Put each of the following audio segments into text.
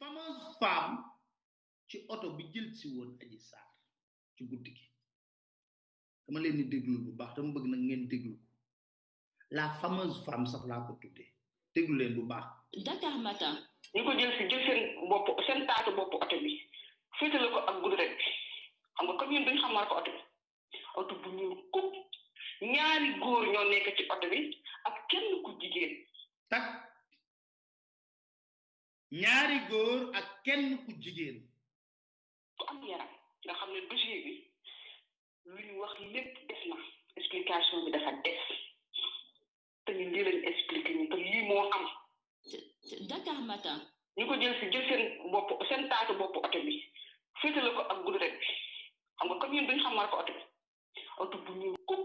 fameuse femme ci oto bi jël si woon Adji Sarr ci guddi gi dama leen di déglu bu baax dama bëgg na ngeen déglu ko la fameuse femme sax laa ko tuddee déglu leen bu baax. Dakar Matin. ko jël si jël seen bopp seen taatu bopp oto bi féetale ko ak guddi rek xam nga comme bi oto bu ñuul kub ñaari góor ñoo nekk ci bi ak kenn ku jigéen. tak ñaari góor ak kenn ku jigéen ku am yaram nga xam ne dossier bi lu ñu wax lépp na bi dafa def lii lañ expliqué ñu te lii moo am Dakar Matin ñu ko jël si jël seen bopp seen taatu bopp oto bi féete la ko ak gudd rek xam nga comme ñun duñ xamal ko oto bi oto bu ñu kub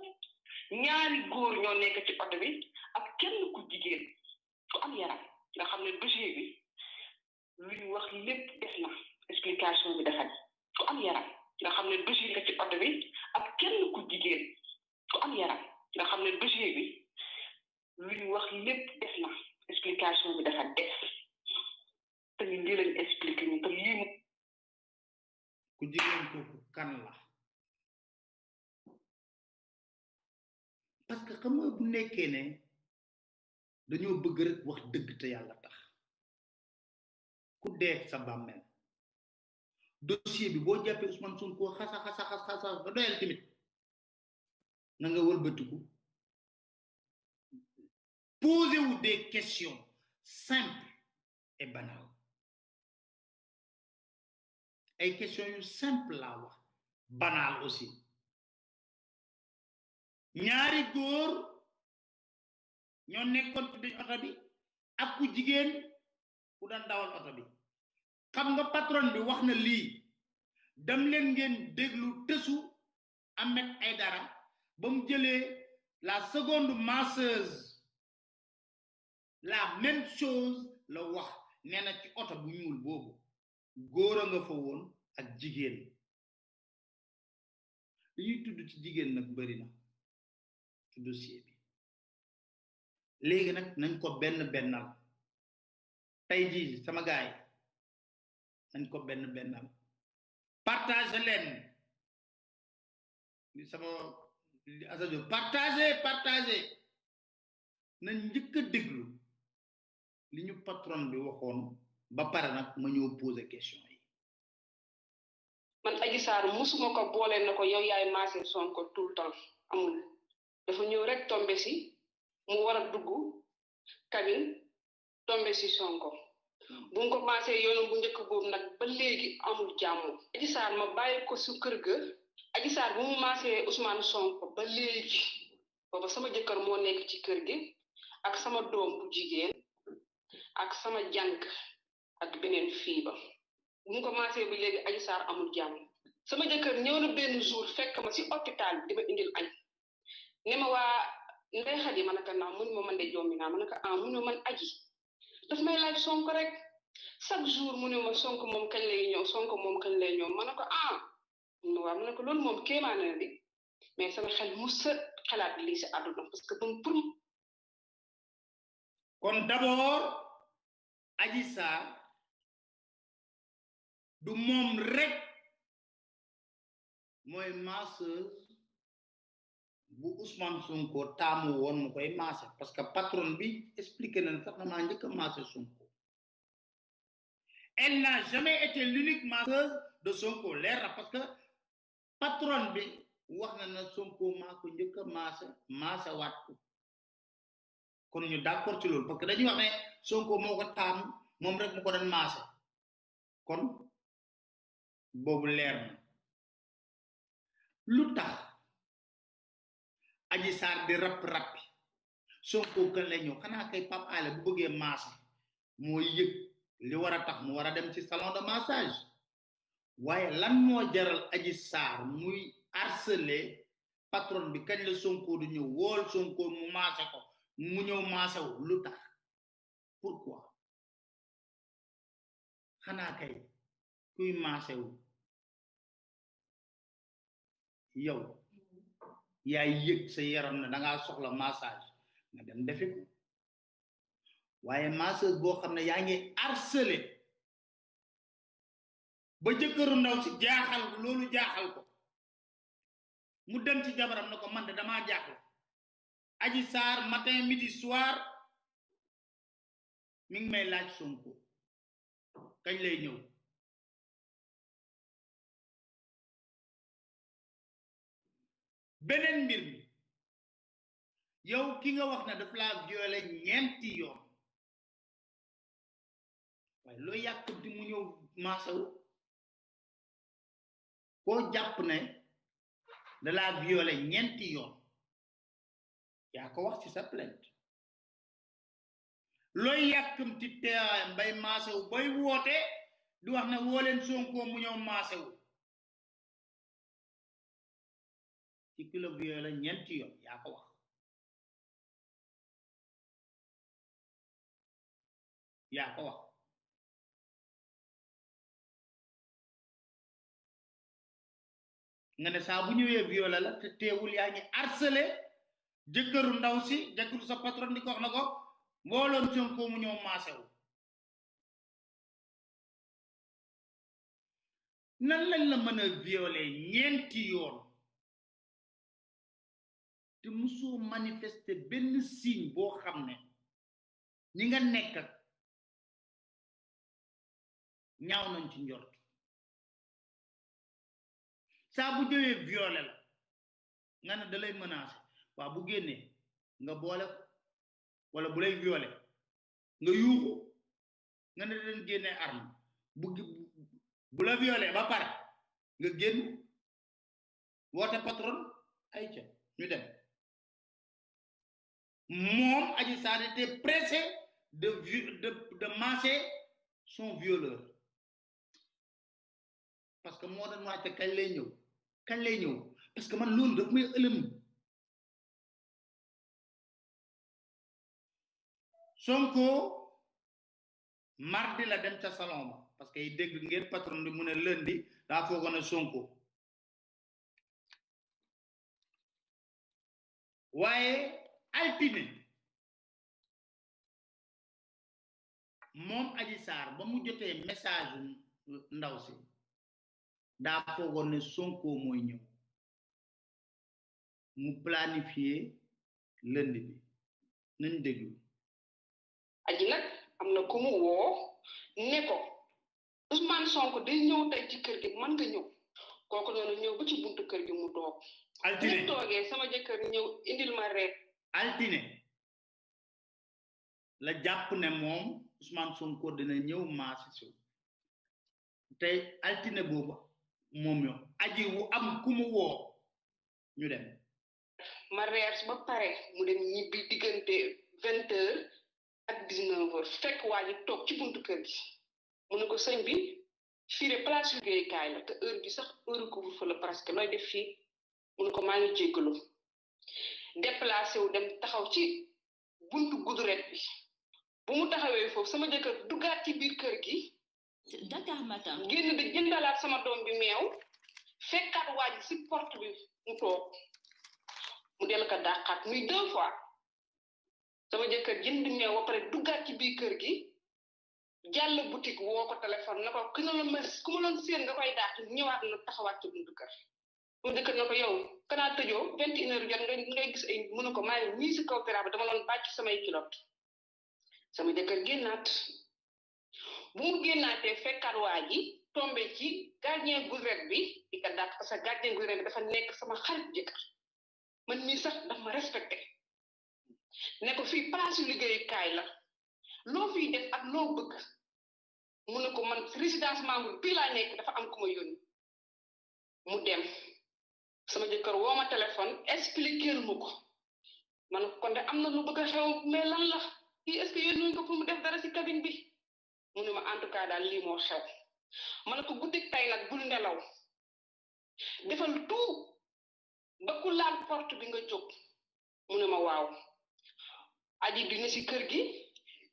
ñaari góor ñoo nekk ci oto bi ak kenn ku jigéen ku am yaram nga xam ne dossier bi lu ñu wax lépp des na explication bi dafa di ku am yaram nga xam ne dossier nga ci oto bi ak kenn ku jigéen ku am yaram nga xam ne dossier bi lu ñu wax lépp des na explication bi dafa des te ñu lii expliqué ñu te lii ku jigéen kooku kan la parce que xam nga nekkee ne dañoo bëgg rek wax dëgg te yàlla tax ku dee sa bàmmeel dossier bi boo jàppee Ousmane Sonko xasa xasa xasa ba doyal tamit na nga wëlbatiku posez vous des questions simples ay questions yu simple laa wax banal aussi ñaari góor ñoo nekkoon ci oto bi jigéen ku daan dawal xam nga patron bi wax na lii dem leen ngeen déglu tësu Ahmed Aidara ba mu jëlee la seconde masseuse la même chose la wax nee na ci oto bu ñuul boobu góor a nga fa woon ak jigéen li tudd ci jigéen nag bëri na ci bi léegi nag nañ ko benn bennal tey jii sama gaay nañ ko benn bennal partage leen li sama li asajo partage partage nañ njëkk a déglu li ñu patron bi waxoon ba pare nag ma ñëw posé question yi man Adji Sarr musuma ko boole na ko yow yaay maase Sonko tout le temps amul dafa ñëw rek tombe mu war a dugg cabine tombe Sonko bu mu commencé yoonu bu njëkk boobu nag ba léegi amul jàmm Adji Sarr ma bàyyi ko su kër ga Adji Sarr bu mu maasee Ousmane Sonko ba léegi booba sama jëkkër moo nekk ci kër gi ak sama doom bu jigéen ak sama jànk ak beneen fii ba bu mu commencé ba léegi Adji Sarr amul jàmm sama jëkkër ñëw na benn jour fekk ma ci hôpital di ma indil añ ne ma waa Ndeye Xadi ma ne naa mun ma man de jombi naa ma ne ko ah, man aji daf may laaj sonko rek chaque jour mu ne ma sonko moom kañ lay ñëw sonko moom kañ lay ñëw ma ne ko ah waaw ma ne ko loolu moom kéemaan na mais sama xel mu sa xalaat lii si àdduna parce que bam pour kon d'abord Adji Sarr du moom rek mooy masseuse bu Ousmane Sonko taamu woon mu koy maase parce que patron bi expliqué na sax na maa njëkk a maase Sonko elle n'a jamais été l'unique masseuse de Sonko leer parce que patron bi wax na na Sonko maa ko njëkk a waat ko kon ñu d'accord ci parce que dañuy wax ne Sonko moo ko taamu moom rek mu ko doon maase kon boobu leer lu tax aji saar di rap rap Sonko gën la ñëw xanaa kay Pape Alé bu bëggee maase moo yëg li war a tax mu wara dem ci salon de massage waaye lan moo jaral aji saar muy harceler patron bi kañ la Sonko du ñëw wool Sonko mu maase ko mu ñëw maasew lu tax pourquoi xanaa kay kuy maasewu yow yaay yëg sa yaram na dangaa soxla massage nga dem defi ko waaye masseuse boo xam ne yaa ngi harcelé ba jëkkëru ndaw si jaaxal loolu jaaxal ko mu dem ci jabaram na ko man de damaa jaaxle aji saar matin midi soir mi may laaj sonko kañ lay ñëw beneen mbir mi yow ki nga wax na daf la violé ñeenti yoon waaye loo yàkkamti mu ñëw maasawu koo jàpp ne da laa violé ñeenti yoon yaa ko wax ci sa plainte looy yàkkamti teewaayam bay maasawu bay woote di wax na woo leen mu ñëw maasawu ci club yooyu ñeenti yoon yaa ko wax yaa ko wax nga ne saa bu ñëwee violé la te teewul yaa ngi harcelé jëkkëru ndaw si jëkkëru sa patron di ko na ko mbooloon Sonko mu ñëw maase wu la mën a ñeenti yoon te musoo manifester benn signe boo xam ne ñi nga nekk ak ñaaw nañ ci njort saa bu jëwee violé la nga ne da lay waa bu génnee nga boole wala bu lay violé nga yuuxu nga ne da leen génnee arme bu bu la violé ba pare nga génn woote patron ay ñu dem moom Adji Sarr était pressé de de de masser son violeur parce que moo doon wàcce kañ lay ñëw kañ lay ñëw parce que man loolu daf may ëlëm Sonko mardi la dem ca salon ba parce que i dégg ngeen patron bi mu ne lundi daa foogoon Sonko waaye altine moom Adji Sarr ba mu jotee message ndaw si daa foogoon ne Sonko mooy ñëw mu planifié lënd bi nañ déglu aji nag am na woo ne ko Ousmane Sonko ñëw tey ci gi mën ñëw kooku ñëw ba ci buntu kër gi mu toog altine toogee sama jëkkër ñëw indil ma rek altine la jàpp ne moom Ousmane Sonko dina ñëw maasi si tey altine booba moom yow aji wu am ku woo ñu dem ma reer ba pare mu dem ñibbi diggante vingt heures ak dix fekk waa toog ci buntu kër gi mu ko sëñ bi fii de place liggéeykaay la te heure bi sax heure couvre-feu la presque looy def fii mu ko maa ngi jéggalu déplacé wu dem taxaw ci buntu guduret bi bu mu taxawee foofu sama jëkkër duggaat ci biir kër gi. Dakar Matin. di jëndalaat sama doom bi meew fekkaat waa ji si porte bi mu toog mu dellu ko dàqaat muy deux sama jëkkër jënd meew ba pare duggaat ci biir kër gi jàll boutique woo ko téléphone na ko ki ma loon ma ku ma loon séen nga koy dàq ñëwaat na taxawaat ci buntu kër. mu dëkk na ko yow kanaa tëjoo vingt une heure jot nga gis ay mënu ko maa ngi nii si dama doon bàcc samay kilot sama jëkkër génnaat bu mu génnaatee fekkaat waa ji tombé ci gardien gouverne bi di ko parce que gardien gouverne bi dafa nekk sama xarit jëkkër man mii sax daf ma respecté ne ko fii place liggéeyukaay la loo fiy def ak loo bëgg mu ne ko man résidence membre bii laa dafa am ku ma mu dem sama jëkkër woo ma téléphone expliquer mu man kon de am na lu bëgg a xew mais lan la kii est-ce que ko pour mu def dara ci cabine bi mu ne ma en daal lii moo xew ma ne ko guddi tay nag bul nelaw defal tout ba ku laal porte bi nga jóg mu ne ma waaw aji dina ci kër gi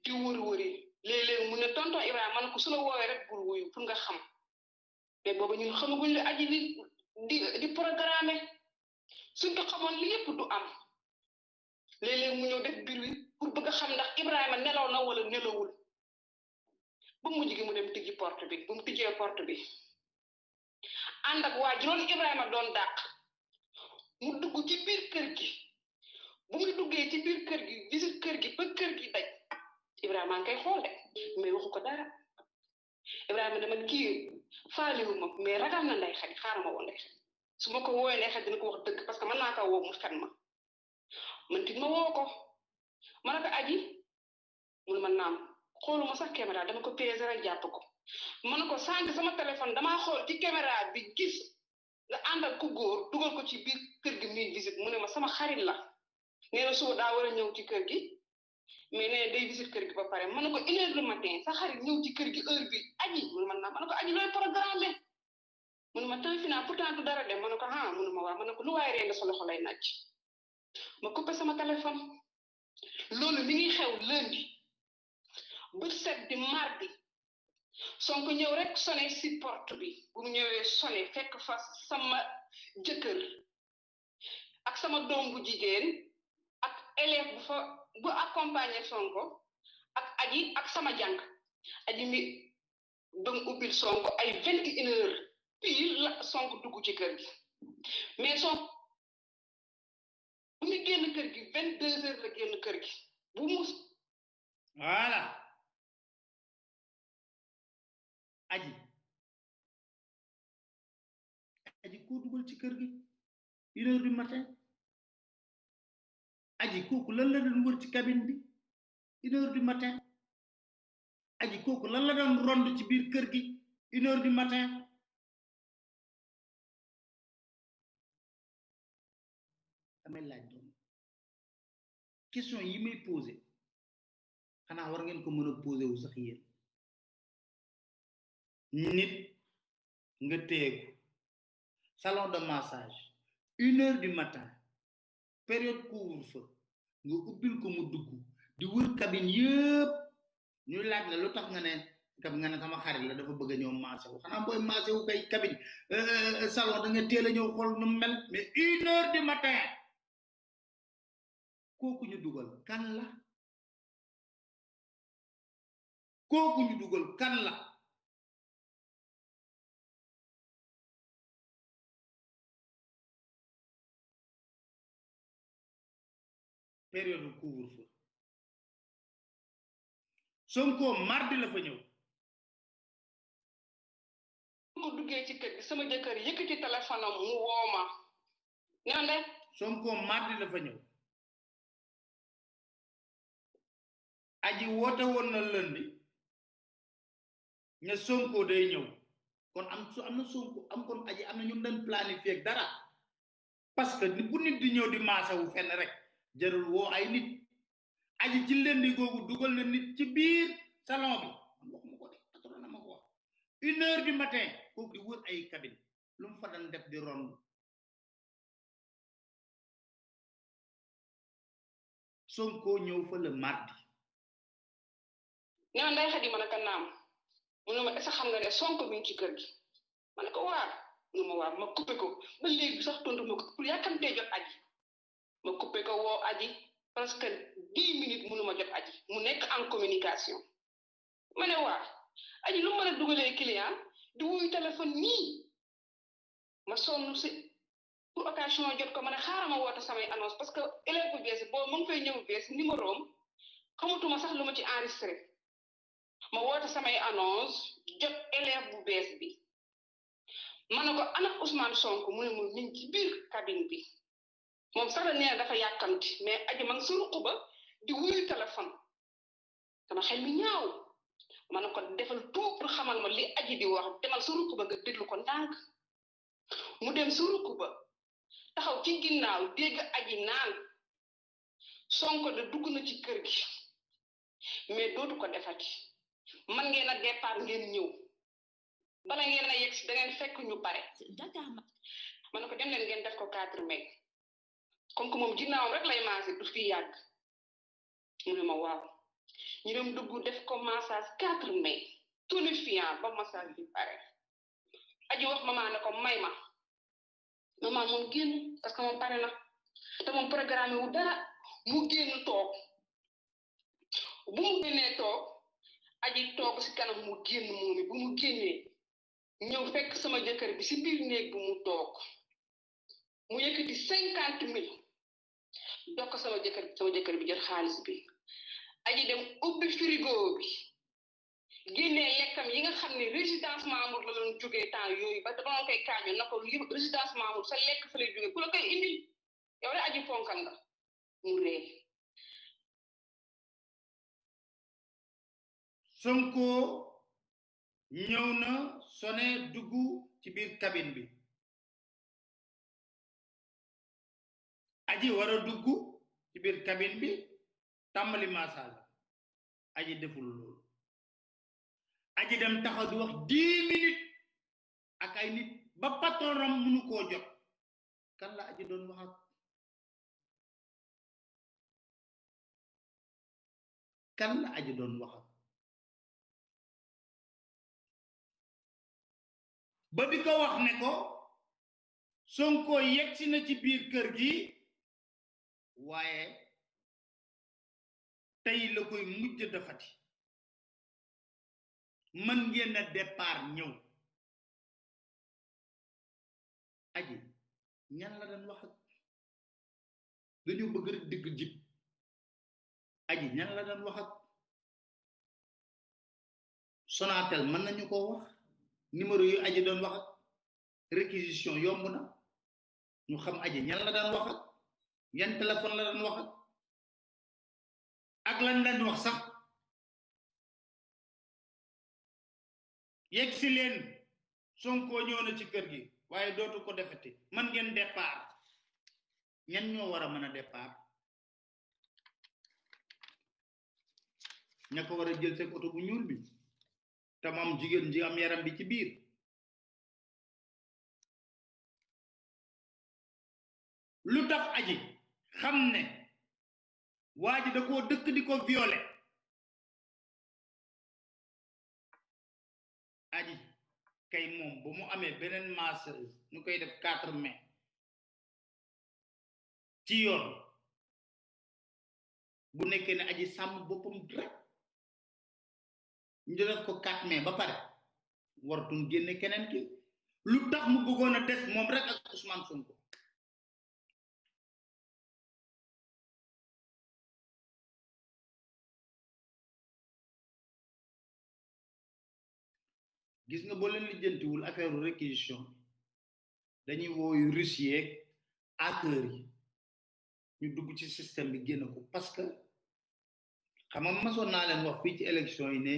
di wër-wëri léeg-léeg mu ne tonton Ibrahima man ko su la woowee rek bul wuyu pour nga xam mais booba ñun xamaguñ la aji li di di programmer suñ ko xamoon li du am léeg-léeg mu ñëw def wi pour bëgg xam ndax Ibrahima nelaw na wala nelawul ba mujj gi mu dem tijji porte bi bu mu tijjee porte bi ànd ak waa juróom Ibrahima doon dàq mu dugg ci biir kër gi bu muy duggee ci biir kër gi visite kër gi ba kër gi daj Ibrahima a ngi xool de mais waxu ko dara Ibrahima dama kii. faalewu ma mais ragal na nday xadi xaaral ma woo su ma ko woowee nday xadi dina ko wax dëgg parce que mën naa ka woo mu fen ma man tit ma woo ko ma ne ko aji mun ma naam xooluma sax caméra dama ko piégé rek jàpp ko ma ko sànq sama téléphone dama xool ci caméra bi gis nga ànd ak ku góor dugal ko ci biir kër gi muy visite mu ne ma sama xarit la nee na daa war a ñëw ci kër gi mais nee day visite kër gi ba pare mën na ko une heure du matin xarit ñëw ci gi heure bi aji munu ma naa na ko aji looy programme munu ma temps final pourtant du dara dem mën na ko ah munu ma waa mën ko lu waaye reen sa loxo lay ma coupé sama téléphone loolu li ngi xew lundi bu set di mardi Sonko ñëw rek sonné si bi bu mu ñëwee sonné fekk fa sama jëkkër ak sama doom jigéen élève bu fa bu Sonko ak aji ak sama jàng aji mi doon ubbil Sonko ay vingt et une heures pile la Sonko dugg ci kër gi mais Sonko bu mu génn kër gi vingt deux heures la génn kër gi bu mu voilà aji aji koo dugal ci kër du matin aji kooku lan la doon wër ci bi une heure du matin aji kooku lan la doon rond ci biir kër gi une heure du matin damay laaj question yi may posé xanaa war ngeen ko mën a posé wu sax yéen nit nga téyeku salon de massage une du matin période couvre-feu nga ubbil ko mu dugg di wër cabine yëpp ñu laaj la lu tax nga ne kab nga ne sama xarit la dafa bëgg a ñëw marché wu xanaa booy marché wu kay cabine euh, euh, euh, salon da nga teel a ñëw xool nu mel mais une heure du matin kooku ñu dugal kan la kooku ñu dugal kan la période bu couvre-feu Sonko mardi la fa ñëw. ma sama jëkkër yëkkati téléphone am mu woo ma. ñoo ne. Sonko mardi la fa ñëw. aji woote woon na lundi ne Sonko day ñëw kon am su am na aji am ñu doon planifier dara parce que nit di ñëw di maasawu fenn rek. jarul woo ay nit aji ci lëndi googu dugal nit ci biir salon bi man waxuma ko de patron na ma ko wax une heure matin kooku di wër ay cabine lu fa daan def di rond Sonko ñëw fa le mardi ne ma xadi mën a ka naam mu ne ma est xam nga ne Sonko mi ngi ci kër gi ma ko waar mu waar ma coupé ba léegi sax tontu ko pour yàkkamtee jot aji ma coupé ko woo aji presque dix minutes mënu ma jot aji mu nekk en communication ma ne waa aji lu mën a dugalee client di wuyu téléphone nii ma sonn si pour occasion jot ko ma ne xaaral ma samay annonce parce que élève bu bees boo mu ngi fay ñëw bees numéro sax lu ma ci enregistré ma woote samay bu bees bi ma ne ko ana Ousmane Sonko mu ne mu ngi ci bi moom sax la nee dafa yàkkamti mais aji ma ngi sa ba di wuyu téléphone sama xel mi ñaaw ma ko defal tout xamal ma li aji di wax demal sa ruq ba nga déglu ko ndànk mu dem sa ruq taxaw ci ginnaaw dégg aji naan sonko de dugg ci kër gi mais dootu ko defati man ngeen a départ ngeen ñëw bala ngeen a yegg si fekk ñu pare ma ne ko dem leen ngeen def ko 4 mai comme que moom ginnaawam rek lay du fi yàgg ma waaw ñu dem def ko massage 4 mai tonifiant ba massage bi pare aji wax maman ne ko may ma maman moom génn parce que moom pare na te wu dara mu génn toog bu mu génnee aji toog si kanam mu génn moomi bu mu génnee ñëw sama jëkkër bi si biir néeg bi mu toog cinquante mille jox ko sama jëkkër bi jot xaalis bi aji dem ubbi frigo bi génnee lekkam yi nga xam ne résidence Mamour la doon jógee temps yooyu ba dama koy kaañu na ko résidence Mamour sa lekk fa lay jógee ku la koy indil yow rek aji ponkal nga mu ñëw na sone dugg ci biir cabine bi aji war dugg ci biir cabine bi tàmbali massage aji deful loolu aji dem taxaw di wax dix minutes nit ba patron ram mënu jot kan aji doon waxat kan aji doon waxat ba di ko wax ne ko Sonko yegsi na ci biir kër gi waaye tey la koy mujj dafati mën ngeen a départ ñëw aji ñan la doon wax ak dañu bëgg rek dëgg jib aji ñan la doon wax ak Sonatel mën nañu ko wax numéro yu aji doon wax réquisition yomb na ñu xam aji ñan la doon wax yan téléphone la doon wax ak lan lañ wax sax yegg si leen Sonko ñëw na ci kër gi waaye dootu ko defati man ngeen départ ñan ñoo war a mën a départ ña ko a jël seen oto bu ñuul bi te mu am ji am yaram bi ci biir lu tax aji xam ne waa ji da koo dëkk di ko violé aji kay moom ba mu amee beneen masseuse ñu koy def quatre mai ci yoon bu nekkee ne aji sàmm boppam dara ñu def ko quatre mai ba pare wartuñ génne keneen ki lu tax mu bëggoon a des moom rek ak Ousmane Sonko gis nga boo leen lijjantiwul affaire réquisition dañuy wooyu Russie yeeg ñu dugg ci système bi génn ko parce que xam masoon naa leen wax fii ci élection yi ne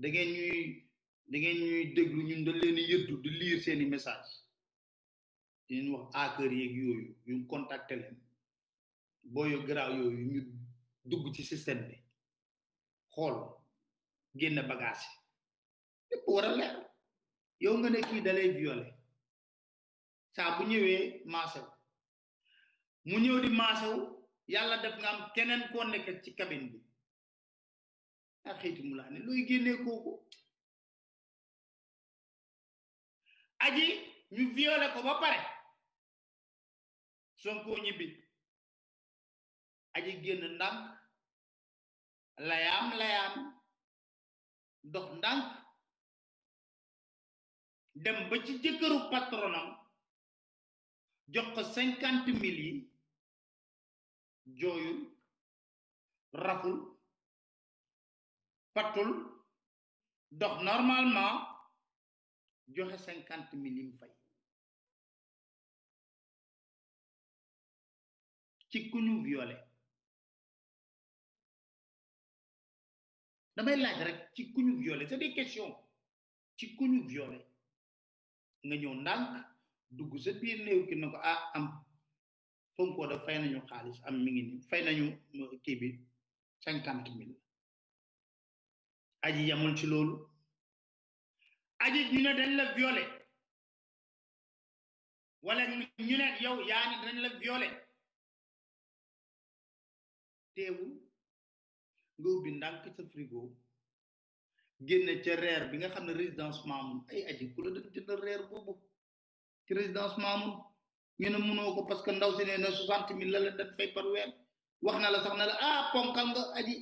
da ñuy da ñuy déglu ñu dañ leen yëddu di lire seeni message dinañ wax acteurs yeeg yooyu ñu contacter leen yooyu ñu dugg ci système bi xool génn bagage yi lépp war a leer yow nga ne kii da lay violé saa bu ñëwee maasaw mu ñëw di maasaw yàlla def nga am keneen ko nekk ci cabine bi ak xëyti mu laa ne looy génnee kooku aji ñu violé ko ba pare Sonko ñibbi aji génn ndànk layaam layaam dox ndànk dem ba ci jëkkëru patronam jox ko cinquante mille yi jooyul raful patul dox normalement joxe cinquante mille yi mu fay ci ku ñu violé damay laaj rek ci ku ñu violé c'est des questions ci ku ñu violé nga ñëw ndànk dugg sa biir néew ki na ko ah am Sonko da fay nañu xaalis am mi ngi ni fay nañu kii bi cinquante mille aji yamul ci loolu aji ñu ne dañ la violé wala ñu ne yow yaa ni dañ la nga ubbi ndànk sa frigo génne ca reer bi nga xam ne résidence Mamoun ay aji ku la doon jëndal reer boobu ci résidence Mamoun ñu ne ko parce que ndaw si nee na soixante mille la la dem fay par weer wax na la sax na la ah ponkal nga aji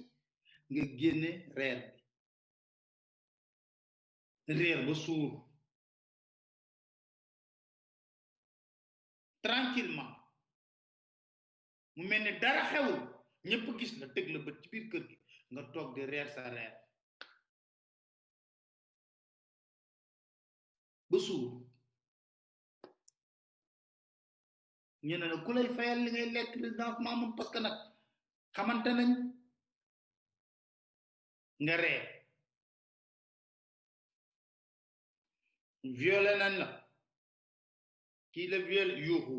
nga génne reer bi reer ba suur tranquillement mu mel ni dara xewul ñëpp gis la tëg la bët ci biir kër gi nga toog di reer sa reer ba suur ñu ne ku lay fayal lekk résidence Mamoun parce que nag xamante nañ nga ree violé nañ kii la violé yuuxu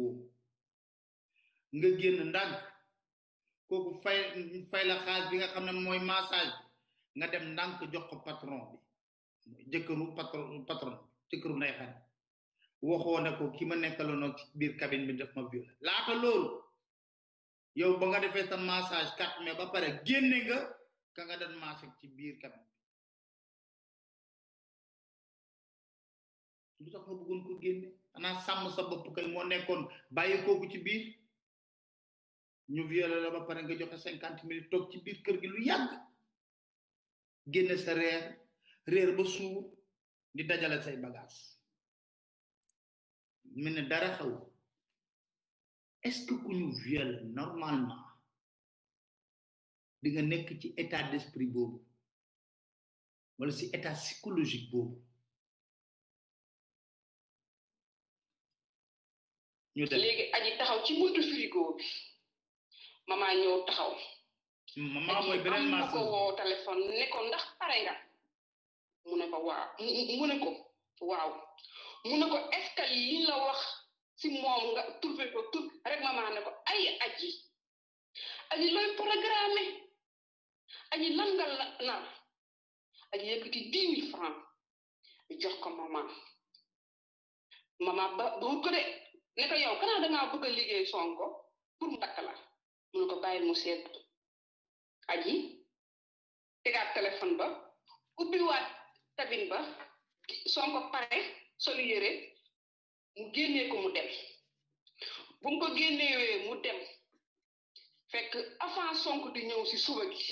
nga génn ndànk kooku fay fay la xaalis bi nga xam ne mooy massage nga dem ndànk jox ko patron bi jëkkëru patron patron ci kërum nday xadi waxoo na ko ki ma nekkaloon ci biir cabine bi daf ma violé laata loolu yow ba nga defee sa massage 4 mai ba pare génne nga ka nga doon massage ci biir cabine bi lu tax nga bëggoon ko génne xanaa sàmm sa bopp kay moo nekkoon bàyyi kooku ci biir ñu violé la ba pare nga joxe cinquante mille toog ci biir kër gi lu yàgg génne sa reer reer ba suur di dajala say bagage mu ne dara xew est-ce que ku ñu viole normalement di nga nekk ci état d'esprit boobu wala si état psychologique boobu léegi aji taxaw ci buntu frigo bi maman ñëw taxaw maman mooy beneen ma ko woo téléphone ne ndax pare nga mu ne ko waaw mu ko waaw mu ne la wax si moom nga trouvé ko tur rek maman ne ko ay aji aji looy programme aji lan nga la aji yëkkati dix mille francs jox ko maman maman ba buut ko de ne ko yow kanaa a liggéey Sonko pour mu takk la ko bàyyi mu seet aji tegaat téléphone ba ubbiwaat cabine ba Sonko pare solu yére mu génnee ko mu dem bu mu ko génnewee mu dem fekk avant sonk di ñëw si suba gi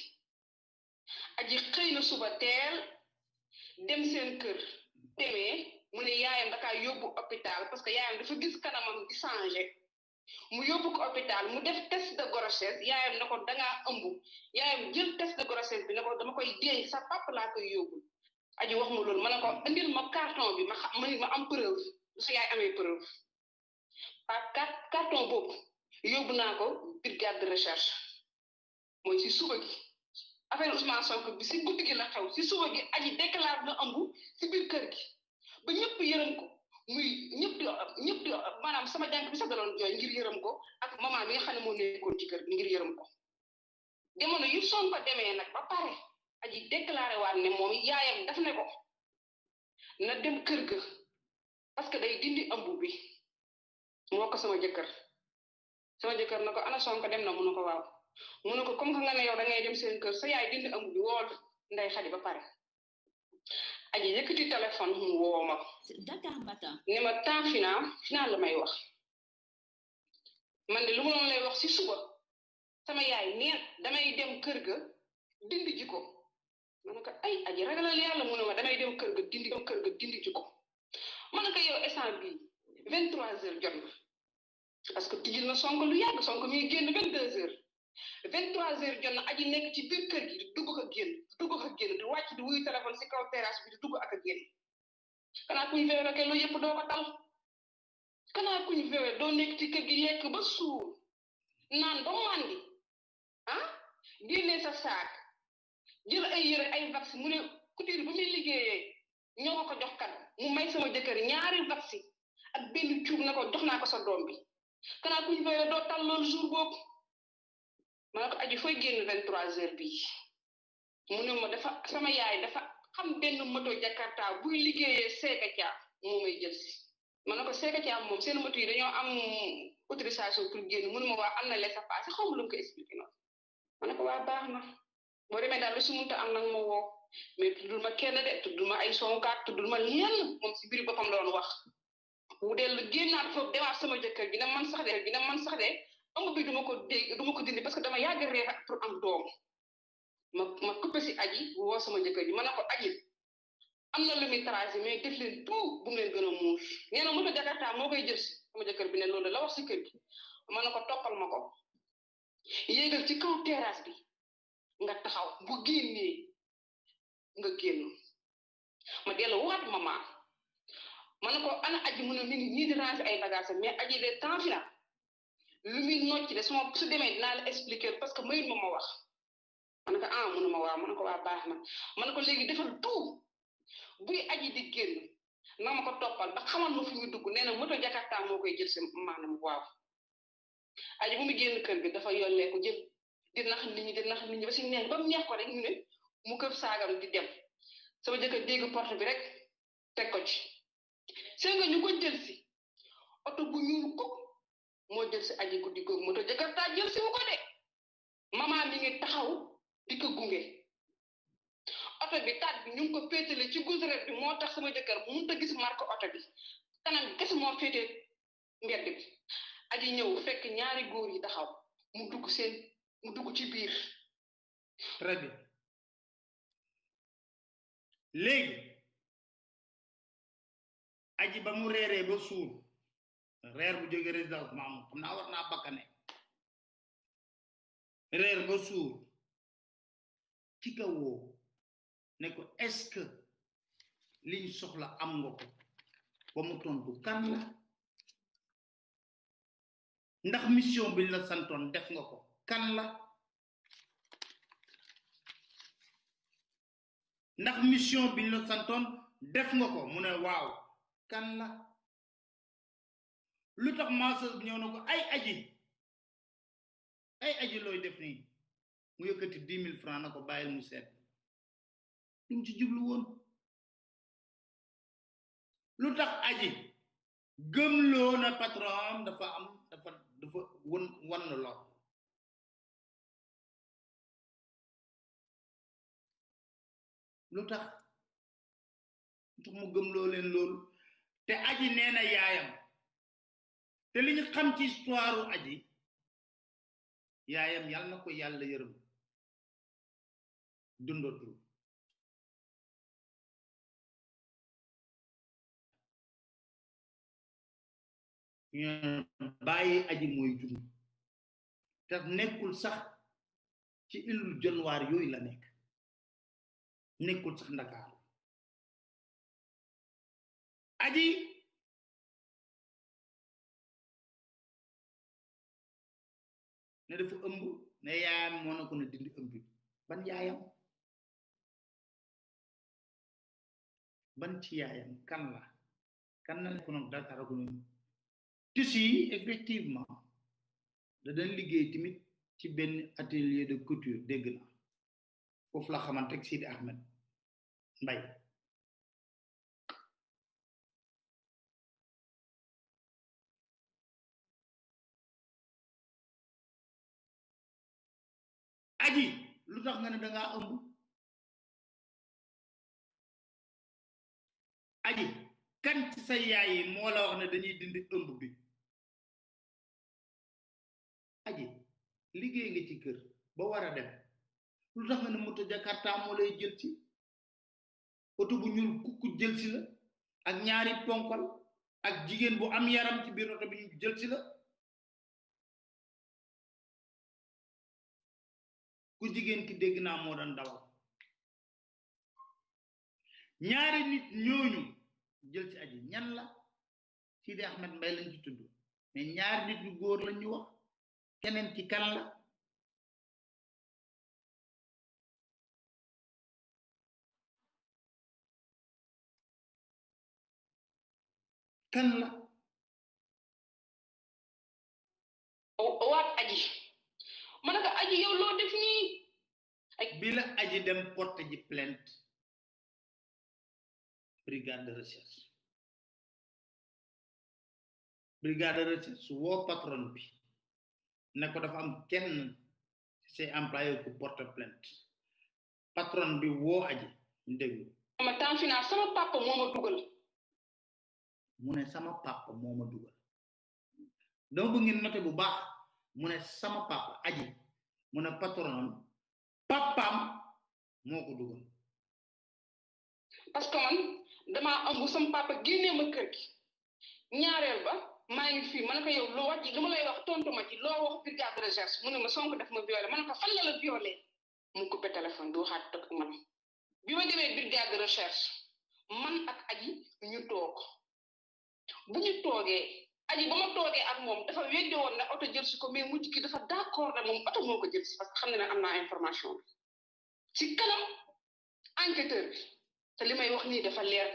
aji xëy na suba teel dem seen kër demee mu ne yaayam dakaa yóbbu hôpital parce que yaayam dafa gis kanamam di changé mu yóbbu ko hôpital mu def test de grossesse yaayam na ko dangaa ëmb yaayam jël test de grossesse bi ne ko dama koy déey sa papa laa koy yóbbul aji wax ma loolu ma ne ko indil ma carton bi ma xam ma am preuve su yaay amee preuve waa carton boobu yóbbu naa ko brigade de recherche mooy si suba gi affaire Ousmane Sonko bi si guddi gi la xew si suba gi aji déclare na ëmb si biir gi ba ñëpp yërëm ko muy ñëpp di ñëpp di maanaam sama jànk bi sax ngir yërëm ko ak maman bi nga xam ne moo ci kër bi ngir yërëm ko jamono yu Sonko demee nag ba pare aji déclaré waat ne moom yaayam daf ne ko na dem kër ga parce que day dindi ëmb mu wax ko sama jëkkër sama jëkkër na ko ana Sonko dem na mu ko waaw mu ne ko comme que nga ne yow da dem seen kër sa yaay dindi ëmb bi nday xadi ba pare aji yëkkati téléphone mu woo ma ne ma temps final final la may wax man de lu ma lay wax ci suba sama yaay neen damay dem kër ga dindi ji ma ne ko ay aji ragalal yàlla mu ne ma damay dem kër ga dindi dem kër ga dindi ci ko ma ne ko yow instant vingt trois heures jot na parce que tijjil na sonko lu yàgg sonko mi ngi génn vingt deux trois heures jot na aji nekk ci biir kër gi di dugg ak a génn dugg ak a génn di di wuyu téléphone si kaw terrasse bi di dugg ak a génn kanaa kuñ vewe rek loolu yëpp doo ko tal kanaa kuñ vewe doo nekk ci kër gi lekk ba suur naan ba màndi ah génnee sa saak jël ay yëre ay vaccin mu ne couture bu muy liggéeye ñoo ma ko jox kan mu may sama jëkkër ñaari vaccin ak benn cuub na ko jox na ko sa doom bi kanaa kuñ fay la doo tal loolu jour boobu ma ne ko aju fooy génn vingt trois heures bii mu ne ma dafa sama yaay dafa xam benn moto jakarta buy liggéeyee seeka caab moo may jël si ma ne ko seeka caab moom seen moto yi dañoo am autorisation pour génn mënu ma waa am na lees a passé xaw ma lu expliqué noonu ma waa baax na boo demee daal lu si ta am nag ma woo mais tuddul ma kenn de tuddul ma ay sonkaat tuddul ma lenn moom si biir boppam la doon wax mu dellu génnaat foofu demaat sama jëkkër gi na man sax de na man sax de ëmb bi du ma ko dégg du ko dindi parce que dama yàgg reer pour am ma ma coupé si aji woo sama jëkkër ji ma ne ko am na lu muy tracé mais def leen tout bu mu leen gën a muus nee na moto Jakarta moo koy jël si sama jëkkër bi ne loolu la wax si kër gi ma ne ko toppal ma ko yéegal ci kaw terrasse bi nga taxaw bu génnee nga génn ma delloo waat maman ma ne ko ana aji mu ne mi ngi nii di ranger ay bagages mais aji de temps la lu muy nocc de su ma su demee parce que may ma ma wax ma ko ah mu ma waaw ma ko waa baax na ma ne ko léegi defal tout buy aji di génn na ma ko toppal ba xamal ma fu muy dugg nee na moto jakarta moo koy jël si maanaam waaw aji bu mu génn kër gi dafa yollee ko jël. di nax nit ñi di nax nit ñi ba si neex ba mu ko rek ñu ne mu këf saagam di dem sama jëkkër dégg porte bi rek teg ko ci seen nga ñu ko jël si oto bu ñuul ko moo jël si aji guddi googu moto jëkkër taa jël si ko de maman mi ngi taxaw di ko gunge oto bi taat bi ñu ngi ko féetale ci goudrette bi moo tax sama jëkkër mënut a gis marque oto bi kanam kese moo féetee mbedd bi aji ñëw fekk ñaari góor yi taxaw mu dugg seen mu dugg ci biir. très bien léegi aji ba mu ba suur reer bu jógee résidence maamu xam naa war bakkane reer ba suur ki ka woo ne ko est-ce que soxla am nga ko ba tontu kan ndax mission bi la santoon def nga ko kan la ndax mission bi ñu la santoon def nga ko mu ne waaw kan la lu tax masseuse bi na ko ay aji ay aji looy def nii mu yëkkati dix mille francs na ko bàyyil mu set lu mu ci jublu woon lu tax aji gëmloo na patron dafa am dafa wan wan lor lu tax mu gëmloo leen loolu te aji nee yaayam te li ñu xam ci histoire aji yaayam yàlla na ko yàlla yërëm dundatul bàyyi aji mooy jur te nekkul sax ci ilul janwaar yooyu la nekk nekkul sax ndakaaru aji ne dafa ëmb ne yaayam moo na ko dindi ëmb ban yaayam ban ci yaayam kan la kan na ko noonu dara dara ko noonu tissu effectivement da dañ liggéey tamit ci benn atelier de couture dégg na foofu la xamante ak Ahmed Bai aji lu tax nga ne dangaa ëmb aji kan ci sa yaay yi moo la wax ne dañuy dindi ëmb bi aji liggéey nga ci kër ba war dem lu tax nga ne moto jakarta moo lay jël ci oto bu ñuul ku ku la ak ñaari ponkol ak jigéen bu am yaram ci biir oto bi ñu jël si la ku jigéen ki dégg naa moo doon dawal ñaari nit ñooñu jël ci aji ñan la Sidi Ahmed Mbaye lañ ci tudd mais ñaari nit ñu góor lañ wax keneen ki kan la kan la waat aji ma ne aji yow loo def nii bi aji dem porte ji plainte brigade recherche brigade recherche woo patron bi ne dafa am kenn ci employé ku porte plainte patron bi woo aji ñu sama temps finance sama papa moo ma dugal mu sama papa moo ma dugal dama bëgg ngeen noté bu baax mune ne sama papa aji mu ne patron papaam moo ko dugal. parce que man damaa am sama papa génnee ma kër gi ñaareel ba maa ngi fii ma loo wax ji lay wax tontu ma ci loo wax brigade de recherche mu ne ma Sonko daf ma violé ma ne a fan mu coupé téléphone du waxaat toog man bi ma demee de recherche man ak aji ñu toog. bu ñu toogee aji ba toogee am moom dafa weddi woon ne oto jël si ko mais mujj ki dafa d'accord ne moom oto moo ko jël si parce que xam ne ne am naa information bi te li may wax nii dafa leer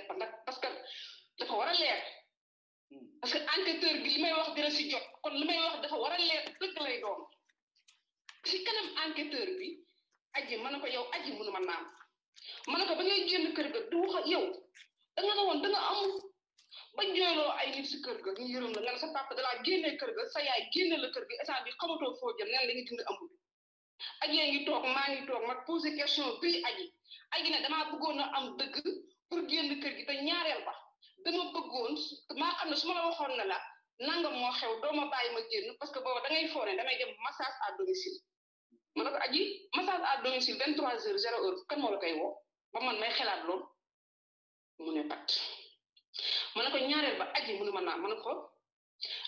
parce que dafa war a leer parce que enquêteur bi li wax dina si jot kon li may wax dafa war a leer dëgg lay doon ci kanam enquêteur bi aji ma ko yow aji mënu ma naam ma ne ba ngay génn kër ga du wax ak yow da nga woon da nga ba njëloo ay nit si kër ga ñu yërëm la nga ne sa papa dalaa génnee kër ga sa yaay génne la kër ga instant bi xamatoo foo jëm neen la ñu dindi ëmb bi aji ngi toog maa ngi toog ma posé question bi aji aji ne damaa bëggoon a am dëgg pour génn kër gi te ñaareel ba dama bëggoon maa xam ne su ma la waxoon na la nangam moo xew doo ma bàyyi ma génn parce que booba da ngay foone damay dem massage à domicile ma ne ko aji massage à domicile vingt trois heures zéro heure kan moo la koy woo ba man may xelaat loolu mu ne pat ma ko ñaareel ba aji mënu ma naa ma ko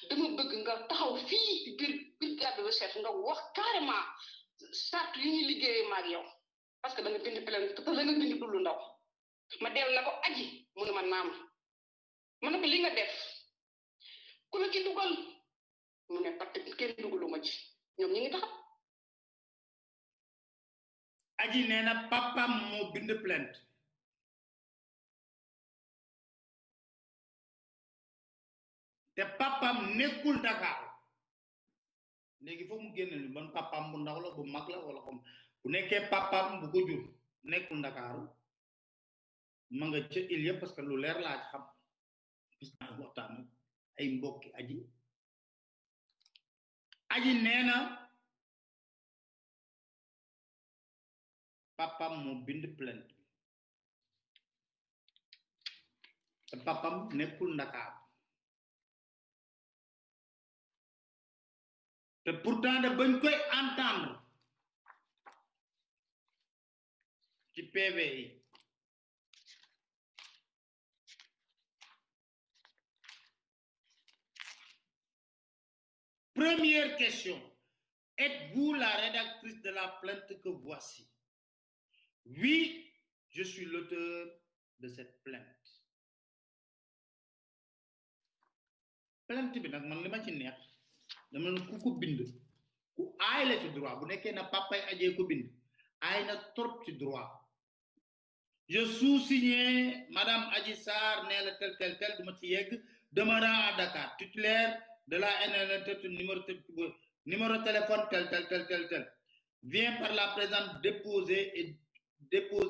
dama bëgg nga taxaw fii biir brigade de recherche nga wax carrément charte yu ñuy liggéeyee ma ak yow parce que da nga bind plainte te la nga bind du ndaw ma dellu na ko aji mënu ma naam ma ko li nga def ku la dugal mu ne parce dugalu ma ci ñoom ñi ngi taxaw. aji nee na papam bind plainte. te papam nekkul Dakar léegi foog mu génne lu ban papam bu ndaw bu mag la wala xam bu nekkee papam bu ko nekkul Dakar ma nga ca il yëpp parce lu leer laa ci xam gis naa waxtaan ay mbokki aji aji nee papam moo bind plainte bi te papam nekkul Dakar te pourtant da bañ koy entendre ci PV Première question. Êtes-vous la rédactrice de la plainte que voici? Oui, je suis l'auteur de cette plainte. Plainte bi nag ma ci neex dama ne nekkee na papay ajee ko bind aay na trop ci droit Adji Sarr nee la tel tel ma ci yegg demeurant à Dakar titulaire de la NNT numéro numéro téléphone tel tel tel tel tel par la présente déposer et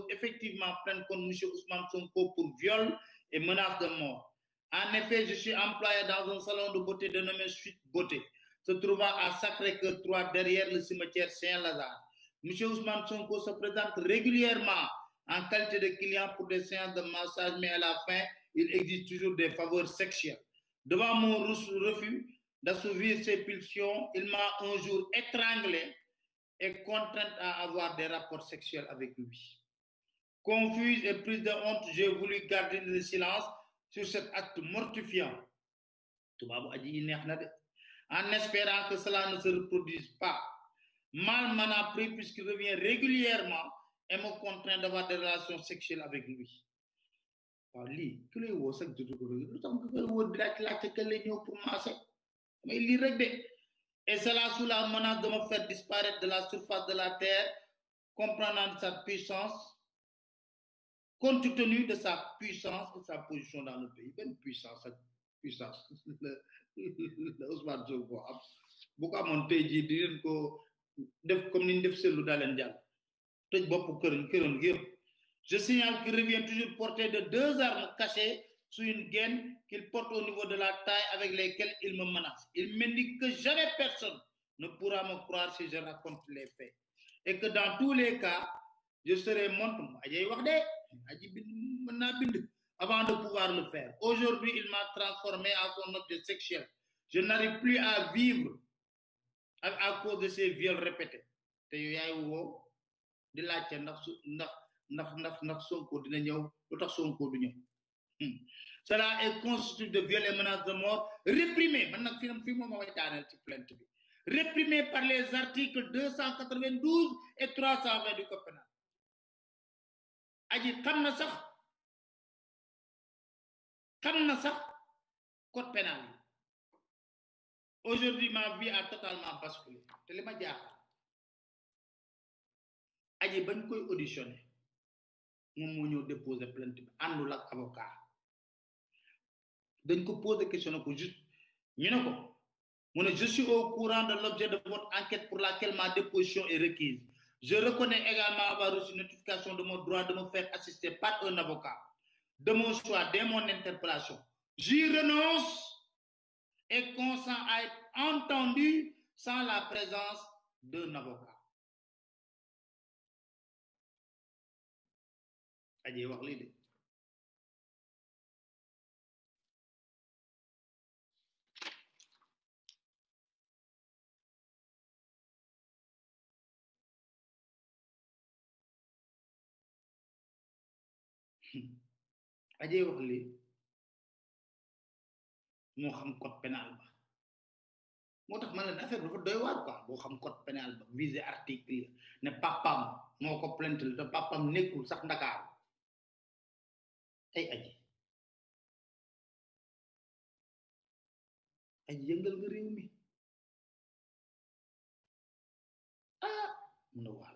effectivement plainte contre monsieur Ousmane Sonko pour viol et menace de mort en effet je employé dans un salon de beauté dénommé Suite Beauté se trouvant à Sacré-Cœur 3 derrière le cimetière Saint-Lazare. M. Ousmane Sonko se présente régulièrement en qualité de client pour des séances de massage, mais à la fin, il existe toujours des faveurs sexuelles. Devant mon refus d'assouvir ses pulsions, il m'a un jour étranglé et contrainte à avoir des rapports sexuels avec lui. Confuse et prise de honte, j'ai voulu garder le silence sur cet acte mortifiant. en espérant que cela ne se reproduise pas. Mal m'en puisqu'il revient régulièrement et me contraint d'avoir des relations sexuelles avec lui. waaw lii ki lay woo sax du ko lu tax nga koy que lay ñëw pour mais lii rek de et cela sous la menace de me faire disparaître de la surface de la terre comprenant sa puissance compte de sa puissance et sa position dans le pays benn puissance ak puissance Ousmane moon am bu ko tey jii di ko def comme ni ñu def seetlu daa leen jàll tëj bopp kër këram yëpp je signale qu'il revient toujours porter de deux armes cachées sous une gen qu'il porte au niveau de la taille avec lesquelles il me menace il m'indique que jamais personne ne pourra me croire si je raconte les faits et que dans tous les cas je serai montre ma ajay de aji bind mën naa bind avant de pouvoir le faire. Aujourd'hui, il m'a transformé en son objet sexuel. Je n'arrive plus à vivre à, cause de ces viols répétés. te yow yaay woo di laajte ndax ndax ndax ndax Sonko dina ñëw lu tax Sonko du ñëw hmm. cela est constitué de viol et réprimé man nag fi fi moom mooy ci plainte bi réprimé par les articles et trois cent vingt du code aji xam na sax xam na sax code pénal aujourd'hui ma vie a totalement basculé te li ma jaaxal aji bañ koy auditionné moom moo déposé plainte bi àndul ak avocat dañ ko posé question na ko juste ñu ne ko mu ne je suis courant de l'objet de votre enquête pour laquelle ma déposition est requise je reconnais également avoir notification de mon droit de me faire assister par un avocat de mon choix, de mon interpellation. J'y et consent à entendu sans la présence d'un avocat. Allez, voir l'idée. ajee wax li moo xam code pénal ba moo tax man la affaire dafa doy waar quoi boo xam code pénal ba visé article ne papam moo ko plainte te papam nekkul sax ndakaaru ay aji aji yëngal nga réew mi ah mun na waa